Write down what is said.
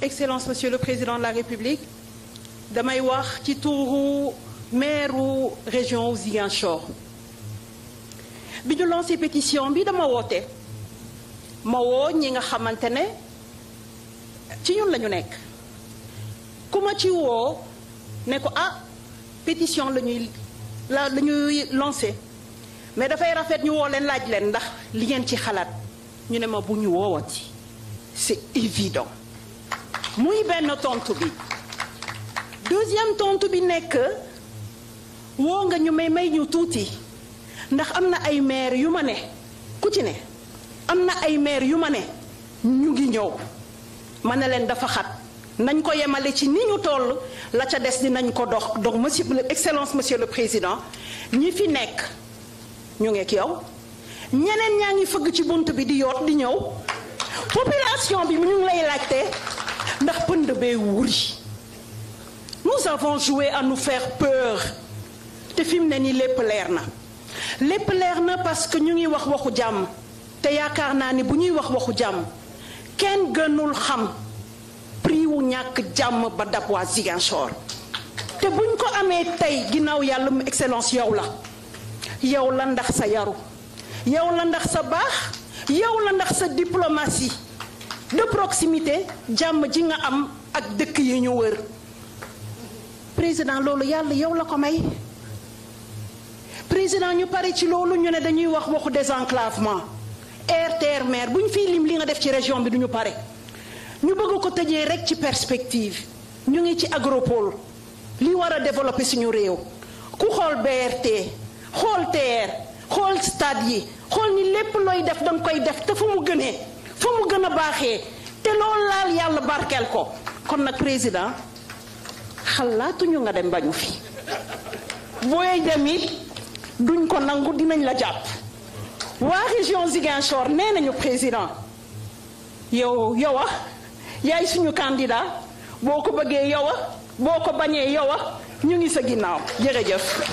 Excellence Monsieur le Président de la République damay wax ci tuuru maireu région Ziguinchor bi ñu lancé pétition bi dama woote ma woo ñi nga xamante ne ci ñun la ñu nekk ku ma ci woo ne ko ah pétition la ñuy la la ñuy mais dafay rafet ñu woo leen laaj leen ndax li ngeen ci xalaat ñu ne ma bu ñu woowati c'est évident muy benn tontu bi deuxième tontu bi nekk woo nga ñu may may ñu tuuti ndax am na ay maire yu ma ne ku ci ne am na ay maire yu ma ne ñu ngi ñëw ma ne leen dafa xat nañ ko yemale ci ni ñu toll la ca des di nañ ko dox donc monsieur excellence monsieur le président ñi fi nekk ñu ngeek yow ñeneen ñaa ngi fëgg ci bunt bi di yoot di ñëw population bi mu ñu lay laajte ndax pënd bee wuri nous avons joué à nous faire peur te fi mu ne nii lépp leer na lépp leer na parce que ñu ngi wax waxu jàmm te yaakaar naa ni bu ñuy wax waxu jàmm kenn gënul xam prix wu ñàkk jàmm ba dab waa Ziguinchor te buñ ko amee tey ginnaaw yàlla mu excellence yow la yow la ndax sa yaru yow la ndax sa baax yow la ndax sa diplomatie de proximité jàmm ji nga am ak dëkk yi ñu wër président loolu yàlla yow la ko may président ñu pare ci loolu ñu ne dañuy wax waxu désenclavement air terre mer bu lim li nga def ci région bi du ñu pare ñu bëgg ko tëjee rek ci perspective ñu ngi ci agropole li war a développer suñu réew ku xool BRT xool TER xool stade yi xool ni lépp looy def danga koy def te fu mu gënee fa mu gën a baaxee te loolu laal yàlla barkeel ko kon nag président xalaatuñu nga dem bañu fi booy dem it duñ ko nangu dinañ la jàpp waa région Ziguinchor nee nañu président yow yowa a ah, yaay suñu candidat boo ko bëggee yow ah, boo ko bañee yow a ah, ñu ngi sa ginnaaw jërëjëf